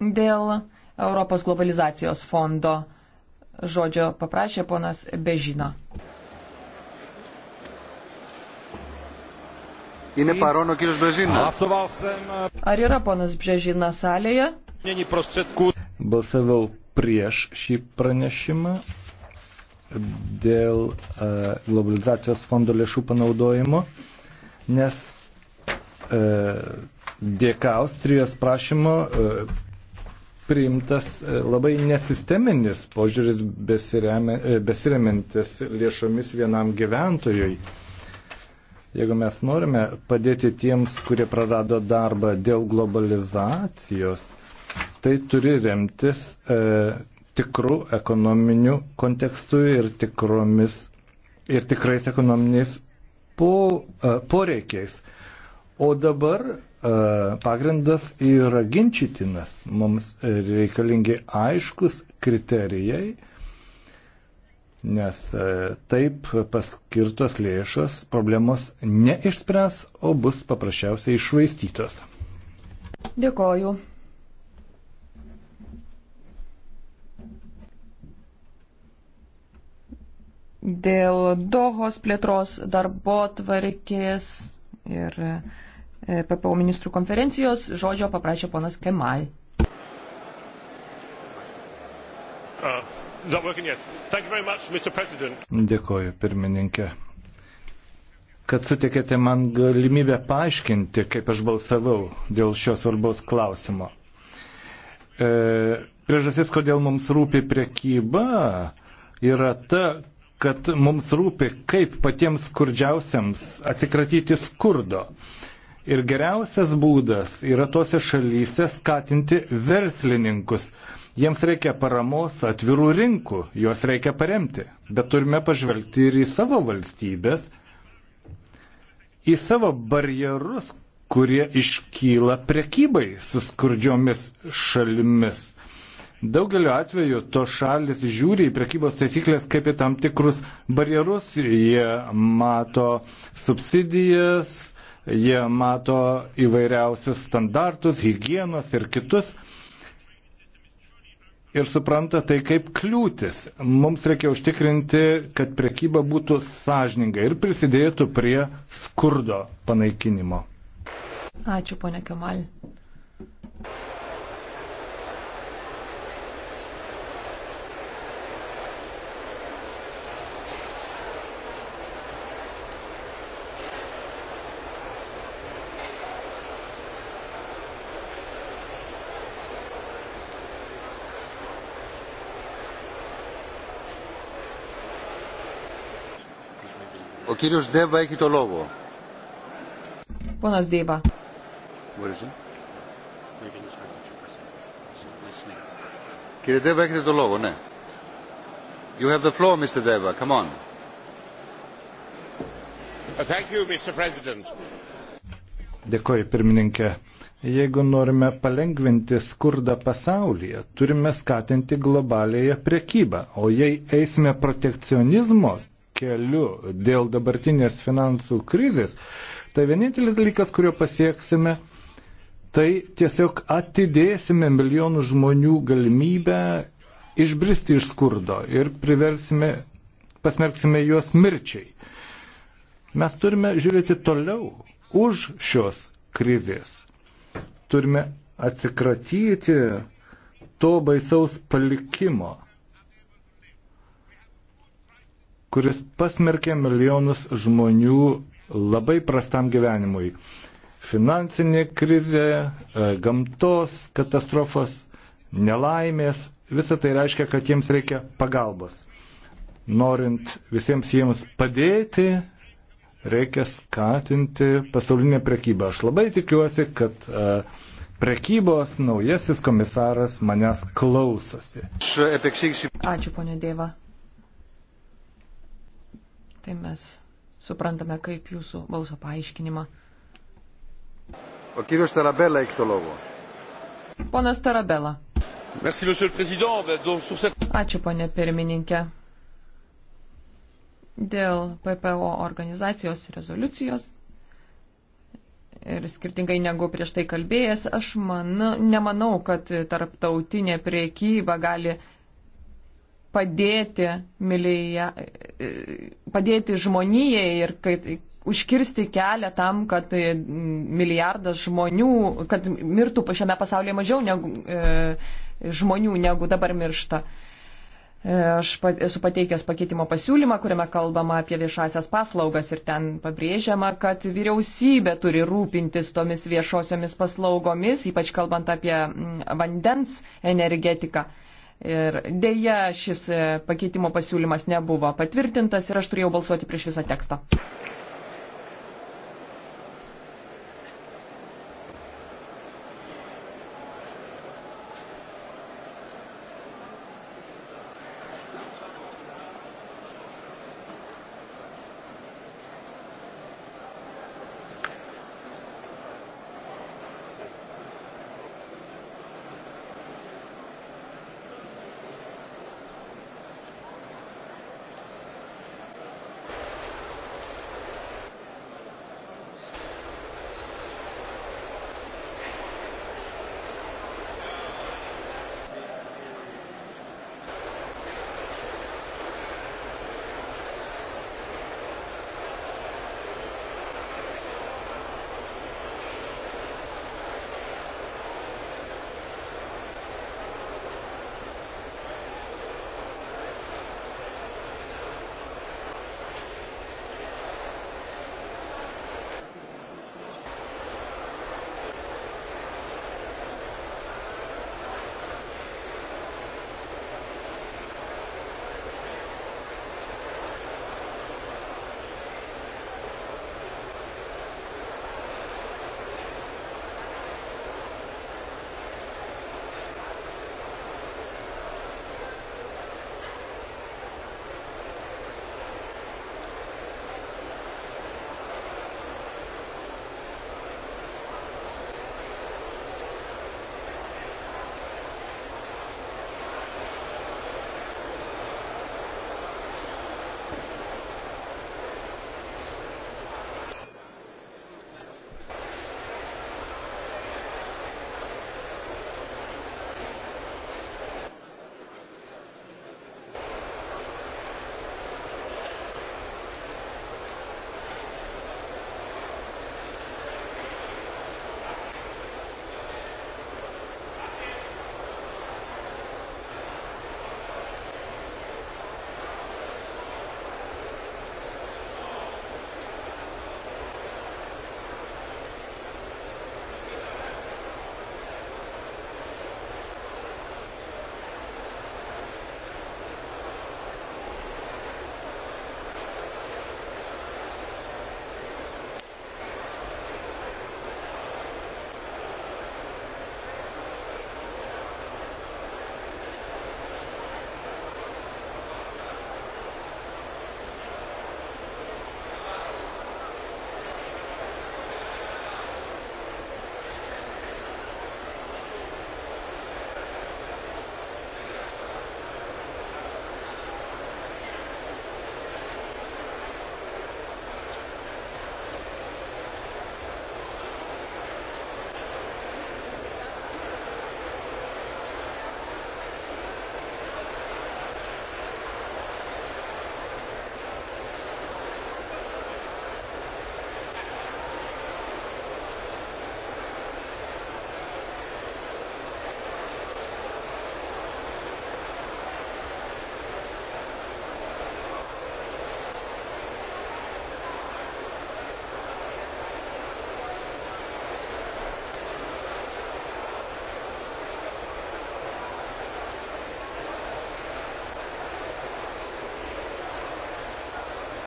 Dėl Europos globalizacijos fondo žodžio paprašė ponas Bežina. Eh, Ar yra ponas Bžežina salėje? Balsavau prieš šį pranešimą dėl eh, globalizacijos fondo lėšų panaudojimo, nes eh, dėka Austrijos prašymo priimtas e, labai nesisteminis požiūris e, besiremiantis lėšomis vienam gyventojui. Jeigu mes norime padėti tiems, kurie prarado darbą dėl globalizacijos, tai turi remtis e, tikrų ekonominių kontekstų ir, tikromis, ir tikrais ekonominiais po, e, poreikiais. O dabar E, pagrindas yra ginčytinas. Mums reikalingi aiškus kriterijai, nes e, taip paskirtos lėšos problemos neišspręs, o bus paprasčiausiai išvaistytos. Dėkoju. Dėl Dohos plėtros darbo tvarkės ir PPO ministrų konferencijos žodžio paprašė ponas Kemal. Uh, Dėkoju, pirmininkė, kad sutikėte man galimybę paaiškinti, kaip aš balsavau dėl šio svarbaus klausimo. E, priežasis, kodėl mums rūpi priekyba, yra ta, kad mums rūpi, kaip patiems skurdžiausiams atsikratyti skurdo. E, Ir geriausias būdas yra tose šalyse skatinti verslininkus. Jiems reikia paramos atvirų rinkų, juos reikia paremti. Bet turime pažvelgti ir į savo valstybės, į savo barjerus, kurie iškyla prekybai su skurdžiomis šalimis. Daugeliu atveju to šalis žiūri į prekybos taisyklės kaip į tam tikrus barjerus, jie mato subsidijas, Jie mato įvairiausius standartus, hygienos ir kitus. Ir supranta tai kaip kliūtis. Mums reikia užtikrinti, kad prekyba būtų sąžininga ir prisidėtų prie skurdo panaikinimo. Ačiū, ponė Kamal. Ο κύριος Ντέβα έχει το λόγο. Πόνας Ντέβα. Κύριε Ντέβα, έχετε το λόγο, ναι. You have the floor, Mr. Deva. Come on. Thank you, Mr. President. Dėkoju, pirmininkė. Jeigu norime palengvinti skurdą pasaulyje, turime skatinti globalėje priekybą. O jei eisime protekcionizmo keliu dėl dabartinės finansų krizės, tai vienintelis dalykas, kurio pasieksime, tai tiesiog atidėsime milijonų žmonių galimybę išbristi iš skurdo ir priversime, pasmerksime juos mirčiai. Mes turime žiūrėti toliau už šios krizės. Turime atsikratyti to baisaus palikimo kuris pasmerkė milijonus žmonių labai prastam gyvenimui. Finansinė krizė, e, gamtos katastrofos, nelaimės, visa tai reiškia, kad jiems reikia pagalbos. Norint visiems jiems padėti, reikia skatinti pasaulinę prekybą. Aš labai tikiuosi, kad e, prekybos naujasis komisaras manęs klausosi. Ačiū, ponė Dėva. Tai mes suprantame kaip jūsų balso paaiškinimą. O kirius Tarabela iktologo. Ponas Tarabela. Merci, Ačiū, ponė pirmininkė. Dėl PPO organizacijos rezoliucijos ir skirtingai negu prieš tai kalbėjęs, aš man, nemanau, kad tarptautinė priekyba gali padėti, milija, padėti žmonijai ir kad, užkirsti kelią tam, kad e, milijardas žmonių, kad mirtų šiame pasaulyje mažiau negu, e, žmonių negu dabar miršta. E, aš pat, esu pateikęs pakeitimo pasiūlymą, kuriame kalbama apie viešasias paslaugas ir ten pabrėžiama, kad vyriausybė turi rūpintis tomis viešosiomis paslaugomis, ypač kalbant apie vandens energetiką. E, Ir dėja šis e, pakeitimo pasiūlymas nebuvo patvirtintas ir aš turėjau balsuoti prieš visą tekstą.